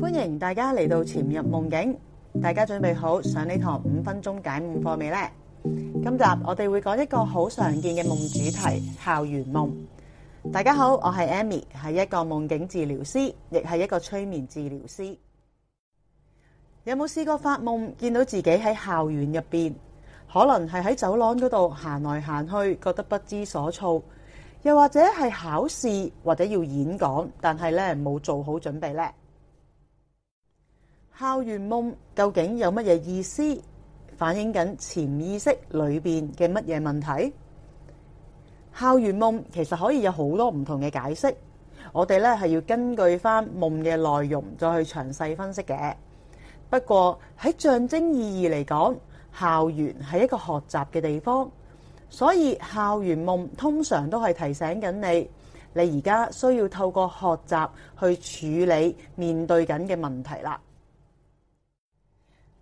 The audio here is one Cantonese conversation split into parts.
歡迎大家嚟到潛入夢境，大家準備好上呢堂五分鐘解夢課未呢？今集我哋會講一個好常見嘅夢主題——校園夢。大家好，我係 Amy，係一個夢境治療師，亦係一個催眠治療師。有冇試過發夢見到自己喺校園入邊？可能係喺走廊嗰度行來行去，覺得不知所措，又或者係考試或者要演講，但係咧冇做好準備呢。校園夢究竟有乜嘢意思？反映緊潛意識裏面嘅乜嘢問題？校園夢其實可以有好多唔同嘅解釋，我哋咧係要根據返夢嘅內容再去詳細分析嘅。不過喺象徵意義嚟講，校園係一個學習嘅地方，所以校園夢通常都係提醒緊你，你而家需要透過學習去處理面對緊嘅問題啦。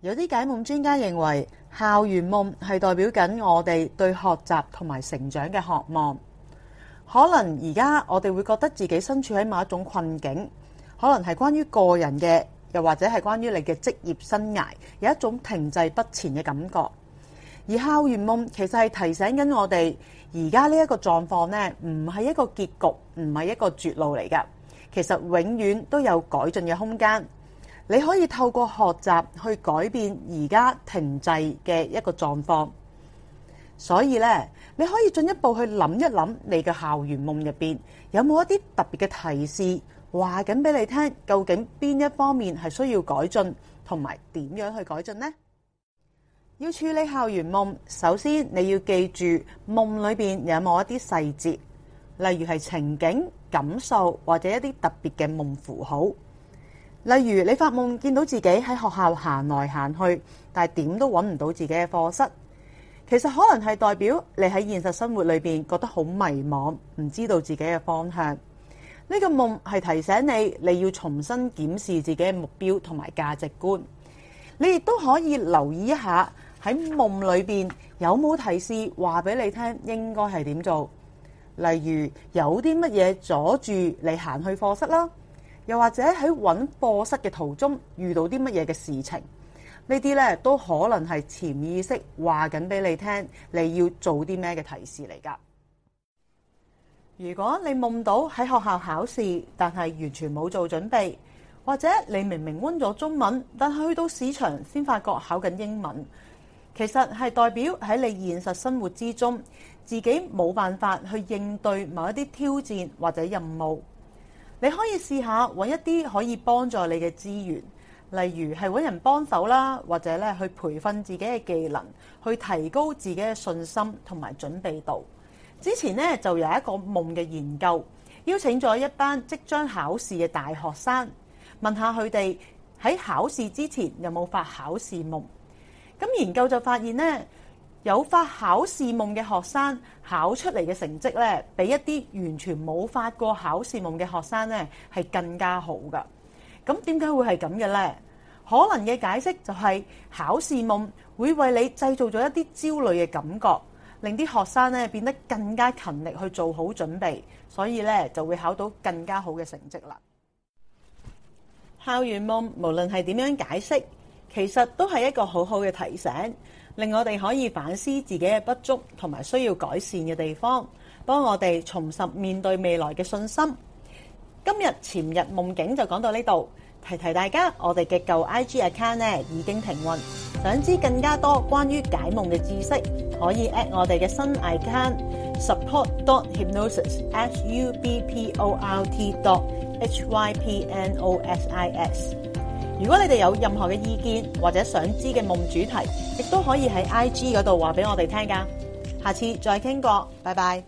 有啲解夢專家認為，校園夢係代表緊我哋對學習同埋成長嘅渴望。可能而家我哋會覺得自己身處喺某一種困境，可能係關於個人嘅，又或者係關於你嘅職業生涯，有一種停滯不前嘅感覺。而校園夢其實係提醒緊我哋，而家呢一個狀況呢，唔係一個結局，唔係一個絕路嚟㗎。其實永遠都有改進嘅空間。你可以透過學習去改變而家停滯嘅一個狀況，所以咧，你可以進一步去諗一諗你嘅校園夢入面有冇一啲特別嘅提示話緊俾你聽，究竟邊一方面係需要改進，同埋點樣去改進呢？要處理校園夢，首先你要記住夢裏面有冇一啲細節，例如係情景、感受或者一啲特別嘅夢符號。例如你發夢見到自己喺學校行來行去，但係點都揾唔到自己嘅課室，其實可能係代表你喺現實生活裏面覺得好迷茫，唔知道自己嘅方向。呢個夢係提醒你，你要重新檢視自己嘅目標同埋價值觀。你亦都可以留意一下喺夢裏面有冇提示話畀你聽，應該係點做。例如有啲乜嘢阻住你行去課室啦？又或者喺揾課室嘅途中遇到啲乜嘢嘅事情，這些呢啲呢都可能係潛意識話緊俾你聽，你要做啲咩嘅提示嚟㗎。如果你夢到喺學校考試，但係完全冇做準備，或者你明明溫咗中文，但係去到市場先發覺考緊英文，其實係代表喺你現實生活之中自己冇辦法去應對某一啲挑戰或者任務。你可以試下揾一啲可以幫助你嘅資源，例如係揾人幫手啦，或者咧去培訓自己嘅技能，去提高自己嘅信心同埋準備度。之前呢，就有一個夢嘅研究，邀請咗一班即將考試嘅大學生，問下佢哋喺考試之前有冇發考試夢。咁研究就發現呢，有發考試夢嘅學生考出嚟嘅成績咧，比一啲完全冇發過考試夢嘅學生咧，係更加好噶。咁點解會係咁嘅呢？可能嘅解釋就係考試夢會為你製造咗一啲焦慮嘅感覺，令啲學生咧變得更加勤力去做好準備，所以咧就會考到更加好嘅成績啦。校園夢無論係點樣解釋，其實都係一個很好好嘅提醒，令我哋可以反思自己嘅不足同埋需要改善嘅地方，幫我哋重拾面對未來嘅信心。今日潛入夢境就講到呢度，提提大家，我哋嘅舊 IG account 咧已經停運。想知更加多關於解夢嘅知識，可以 at 我哋嘅新 account support dot hypnosis h u b p o r t dot h y p n o s i s 如果你哋有任何嘅意見或者想知嘅夢主題，亦都可以喺 IG 嗰度話俾我哋聽㗎。下次再傾過，拜拜。